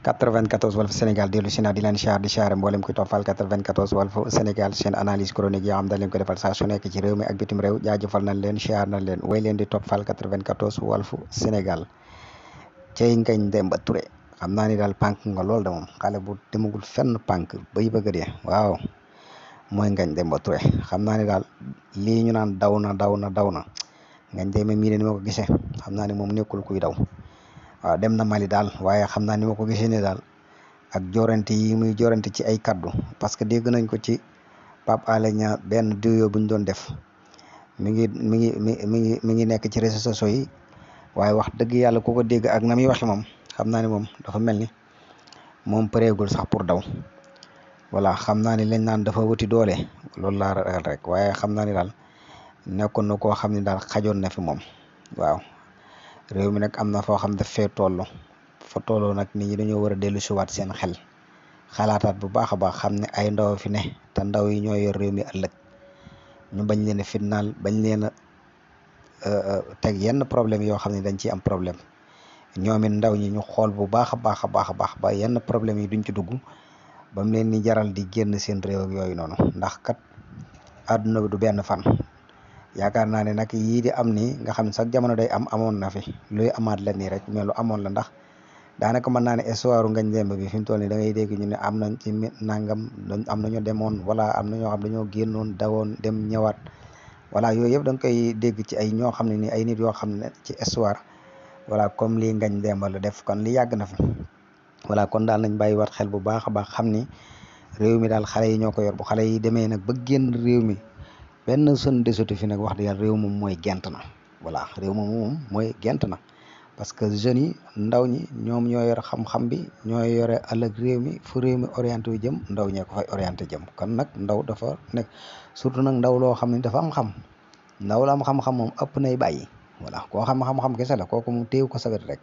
94 Walf Sénégal dellu si naa di leen siyaar di siyaare mboolem kuy toppal 94 Walf Sénégal seen analyse chronique yoo xam dañ leen ko defal saa su nekk ci réew mi ak bitim réew jaajëfal nañ leen siyaar nañ leen way leen di toppal 94 Walf Sénégal cey ngañ Demba Touré xam naa ni daal pànk nga lool de moom xale bu demagul fenn pànk bay bëgg dee waaw mooy ngañ Demba Touré xam naa ni daal lii ñu naan daw na daw na daw na ngañ Demba mii ne ni ma ko naa ni moom nekkul kuy daw waaw dem na Mali daal waaye xam naa ni ma ko gisee ne daal ak jorante yi muy jorante ci ay kaddu parce que dégg nañ ko ci Pape Alé Niang benn duo bu ñu doon def mi ngi mi ngi mi mi ngi mi ngi nekk ci réseaux sociaux yi waaye wax dëgg yàlla ku ko dégg ak na muy waxe moom xam naa ni moom dafa mel ni moom pareegul sax pour daw voilà xam naa ni lañ naan dafa wuti doole loolu laa ragal rek waaye xam naa ni daal nekkoon na koo xam ne daal xajoon na fi moom waaw réew mi nag am na foo xam daf fee toll fo tolloo nag nit ñi dañoo war a dellu seen xel xalaataat bu baax a baax xam ne ay ndaw fi ne te ndaw yi ñooy yor réew mi ëllëg ñu bañ leen a fitnaal bañ leen a euh, euh, teg yenn problème yoo xam ne dañ ciy am problème ñoom it ndaw ñi ñu xool bu baax a baax a baax a baax ba yenn problème yi duñ ci dugg ba leen ni jaral di génn seen réew ak yooyu noonu ndax kat àdduna bi du benn fan yaakaar naa ne nag yii di am nii nga xam ne sax jamono day am amoon na fi luy amaat la nii rek mais amoon la ndax daanaka mën naa ne histoire Ngagne Demba bi fi mu toll nii da ngay ñu ne am nañ ci nangam am na ñu demoon wala am na ñoo xam dañoo génnoon dawoon dem ñëwaat voilà yooyu yëpp da koy dégg ci ay ñoo xam ne nii ay nit yoo xam ne ci histoire voilà comme lii ngañ Demba lu def kon li yàgg na fi wala kon daal nañ bàyyi wat xel bu baax a baax xam ni réew mi daal xale yi ñoo ko yor bu xale yi demee nag ba génn réew mi. benn sën desatu fi nag wax dëgg yàlla réew moom mooy gent na voilà réew moom moom mooy gent na parce que jeunes yi ndaw ñi ñoom ñoo yor xam-xam bi ñoo yore ëllëg réew mi fu réew mi orienté wu jëm ndaw ñee ko fay orienté jëm kon nag ndaw dafa nekk surtout nag ndaw loo xam ne dafa am xam ndaw la am xam-xam moom ëpp nay bàyyi voilà koo xam xam-xam kese la kooku mu téew ko sawet rek